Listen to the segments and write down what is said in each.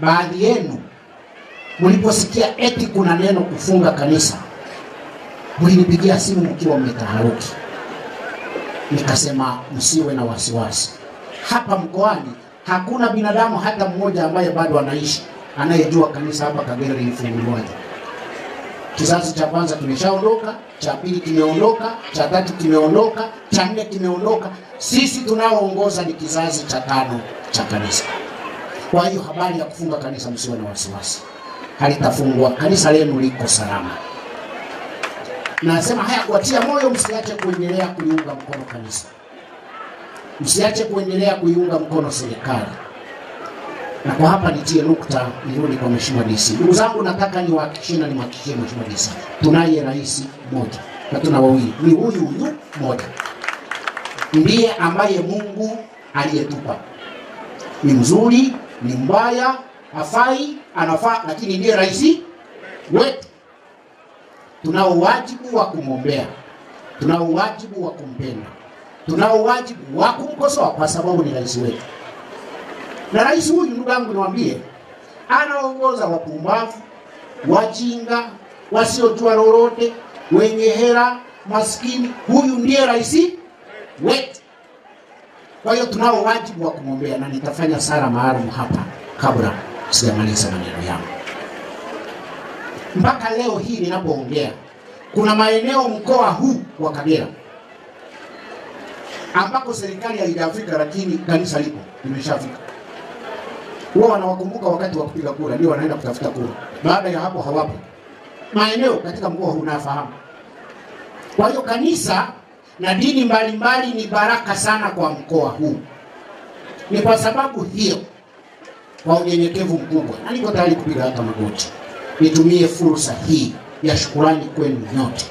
baadhi yenu mliposikia eti kuna neno kufunga kanisa, mlinipigia simu mkiwa mmetaharuki. Nikasema msiwe na wasiwasi, hapa mkoani hakuna binadamu hata mmoja ambaye bado anaishi anayejua kanisa hapa Kagera lilifunguliwaje. Kizazi cha kwanza kimeshaondoka, cha pili kimeondoka, cha tatu kimeondoka, cha nne kimeondoka. Sisi tunaoongoza ni kizazi cha tano cha kanisa. Kwa hiyo habari ya kufunga kanisa, msiwe na wasiwasi, halitafungwa kanisa lenu liko salama. Nasema haya kuwatia moyo, msiache kuendelea kuiunga mkono kanisa, msiache kuendelea kuiunga mkono serikali. Na kwa hapa nitie nukta, nirudi kwa mheshimiwa DC. Ndugu zangu, nataka niwahakikishie na nimhakikishie mheshimiwa DC, tunaye rais mmoja na tuna wawili, ni huyu huyu mmoja ndiye ambaye Mungu aliyetupa, ni mzuri ni mbaya, hafai, anafaa, lakini ndiye rais wetu. Tunao wajibu wa kumwombea, tunao wajibu wa kumpenda, tunao wajibu wa kumkosoa kwa sababu ni rais wetu. Na rais huyu, ndugu yangu, niwaambie, anaongoza wapumbavu, wajinga, wasiojua lolote, wenye hera, maskini. Huyu ndiye rais wetu. Kwa hiyo tunao wajibu wa kumwombea, na nitafanya sala maalum hapa kabla sijamaliza maneno yangu. Mpaka leo hii ninapoongea, kuna maeneo mkoa huu wa Kagera ambako serikali haijafika, lakini kanisa lipo limeshafika. Wao wanawakumbuka wakati wa kupiga kura, ndio wanaenda kutafuta kura. Baada ya hapo hawapo maeneo katika mkoa huu nafahamu. Kwa hiyo kanisa na dini mbalimbali mbali ni baraka sana kwa mkoa huu. Ni kwa sababu hiyo, kwa unyenyekevu mkubwa, na niko tayari kupiga hata magoti, nitumie fursa hii ya shukurani kwenu nyote,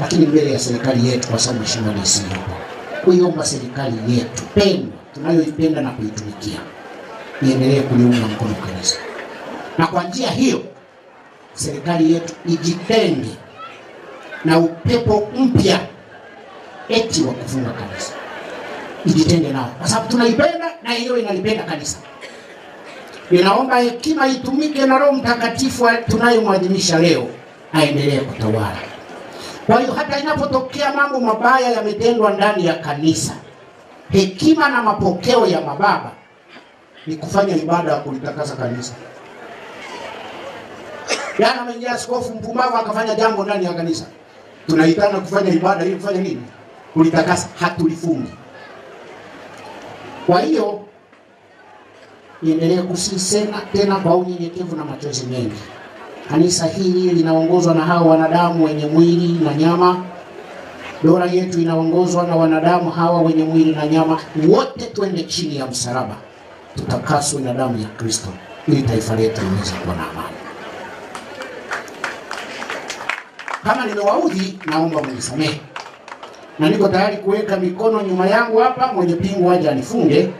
lakini mbele ya serikali yetu, kwa sababu mheshimiwa rais hapa, kuiomba serikali yetu pendwa tunayoipenda na kuitumikia iendelee kuliunga mkono kanisa, na kwa njia hiyo serikali yetu ijitenge na upepo mpya eti wa kufunga kanisa. Ijitenge nao kwa sababu tunaipenda na hiyo inalipenda kanisa. Ninaomba hekima itumike na Roho Mtakatifu tunayomwadhimisha leo aendelee kutawala. Kwa hiyo hata inapotokea mambo mabaya yametendwa ndani ya kanisa, hekima na mapokeo ya mababa ni kufanya ibada ya kulitakasa kanisa. Jana yaani mwingine askofu mpumbavu akafanya jambo ndani ya kanisa, tunaitana kufanya ibada ili kufanya nini? kulitakasa, hatulifungi. Kwa hiyo niendelee kusihi tena kwa unyenyekevu na machozi mengi. Kanisa hili linaongozwa na hao wanadamu wenye mwili na nyama. Dola yetu inaongozwa na wanadamu hawa wenye mwili na nyama. Wote twende chini ya msalaba, tutakaswe na damu ya Kristo ili taifa letu liweze kuwa na amani. Kama nimewaudhi, naomba mnisamehe na niko tayari kuweka mikono nyuma yangu hapa, mwenye pingu aje anifunge,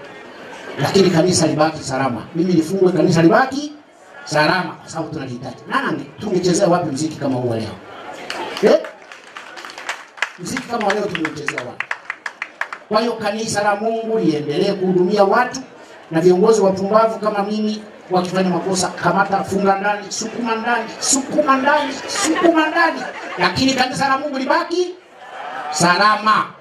lakini kanisa libaki salama. Mimi nifungwe, kanisa libaki salama, kwa sababu tunalihitaji. Nani tungechezea wapi mziki kama huu leo eh? Mziki kama leo tungechezea wapi? Kwa hiyo kanisa la Mungu liendelee kuhudumia watu na viongozi wapumbavu kama mimi wakifanya makosa, kamata, funga ndani, sukuma ndani, sukuma ndani, sukuma ndani, lakini kanisa la Mungu libaki salama.